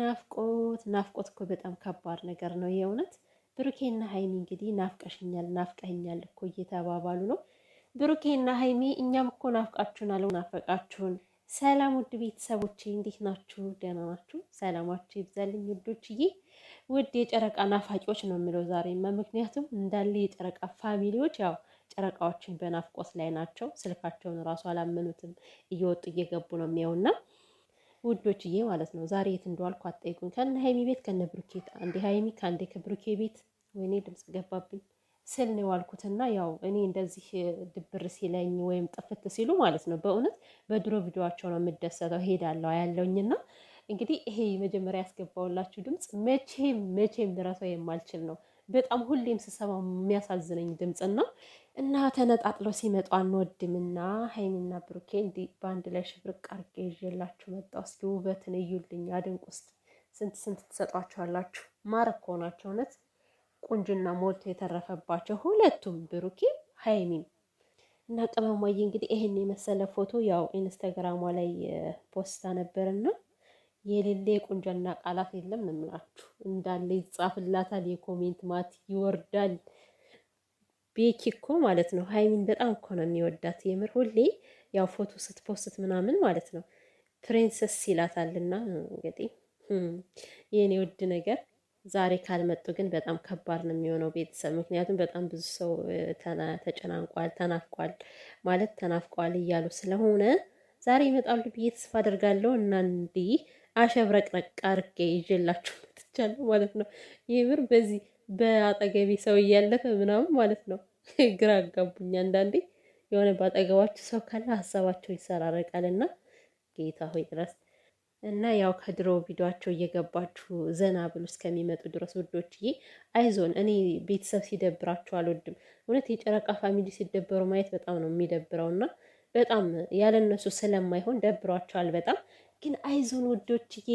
ናፍቆት ናፍቆት እኮ በጣም ከባድ ነገር ነው የእውነት። ብሩኬና ሀይሚ እንግዲህ ናፍቀሽኛል፣ ናፍቀኛል እኮ እየተባባሉ ነው። ብሩኬና ሀይሚ እኛም እኮ አለው ናፈቃችሁን። ሰላም ውድ ቤተሰቦች እንዴት ናችሁ? ደህና ናችሁ? ሰላማችሁ ይብዛልኝ ውዶችዬ። ውድ የጨረቃ ናፋቂዎች ነው የምለው ዛሬማ፣ ምክንያቱም እንዳለ የጨረቃ ፋሚሊዎች ያው ጨረቃዎችን በናፍቆት ላይ ናቸው። ስልካቸውን እራሱ አላመኑትም፣ እየወጡ እየገቡ ነው የሚያውና ውዶችዬ ማለት ነው። ዛሬ የት እንደዋልኩ አጠይቁኝ። ከነ ሀይሚ ቤት ከነ ብሩኬ አንዴ ሀይሚ ከአንዴ ከብሩኬ ቤት ወይኔ ድምፅ ገባብኝ ስል ነው የዋልኩትና ያው እኔ እንደዚህ ድብር ሲለኝ ወይም ጥፍት ሲሉ ማለት ነው በእውነት በድሮ ቪዲዮዋቸው ነው የምደሰተው ሄዳለው ያለውኝና እንግዲህ ይሄ መጀመሪያ ያስገባውላችሁ ድምፅ መቼም መቼም ልረሳው የማልችል ነው። በጣም ሁሌም ስሰማ የሚያሳዝነኝ ድምፅና እና ተነጣጥለው ሲመጡ አንወድምና ሀይሚና ብሩኬ እንዲ በአንድ ላይ ሽብርቅ አርጌ ይዤላችሁ መጣሁ። እስኪ ውበትን እዩልኝ፣ አድንቁ እስኪ። ስንት ስንት ትሰጧቸዋላችሁ? ማረግ ከሆናቸው እውነት ቁንጅና ሞልቶ የተረፈባቸው ሁለቱም ብሩኬ ሀይሚም እና ቅመሟዬ እንግዲህ ይህን የመሰለ ፎቶ ያው ኢንስታግራሟ ላይ ፖስታ ነበርና የሌለ የቁንጅና ቃላት የለም ነው የምላችሁ። እንዳለ ይጻፍላታል፣ የኮሜንት ማት ይወርዳል። ቤኪ እኮ ማለት ነው ሀይሚን በጣም እኮ ነው የሚወዳት የምር። ሁሌ ያው ፎቶ ስትፖስት ምናምን ማለት ነው ፕሪንሰስ ይላታልና እንግዲህ የእኔ ውድ ነገር ዛሬ ካልመጡ ግን በጣም ከባድ ነው የሚሆነው ቤተሰብ። ምክንያቱም በጣም ብዙ ሰው ተጨናንቋል፣ ተናፍቋል ማለት ተናፍቋል እያሉ ስለሆነ ዛሬ ይመጣሉ ብዬ ተስፋ አደርጋለሁ እና እንዲህ አሸብረቅረቅ አድርጌ ይዤላችሁ መጥቻለሁ ማለት ነው። የምር በዚህ በአጠገቤ ሰው እያለፈ ምናምን ማለት ነው ግራ አጋቡኝ። አንዳንዴ የሆነ በአጠገባችሁ ሰው ካለ ሀሳባቸው ይሰራረቃል እና ጌታ ሆይ ድረስ እና ያው ከድሮ ቪዲዮቸው እየገባችሁ ዘና ብሎ እስከሚመጡ ድረስ ውዶችዬ፣ አይዞን። እኔ ቤተሰብ ሲደብራችሁ አልወድም። እውነት የጨረቃ ፋሚሊ ሲደበሩ ማየት በጣም ነው የሚደብረውና በጣም ያለነሱ ስለማይሆን ደብሯቸዋል። በጣም ግን አይዞን ውዶችዬ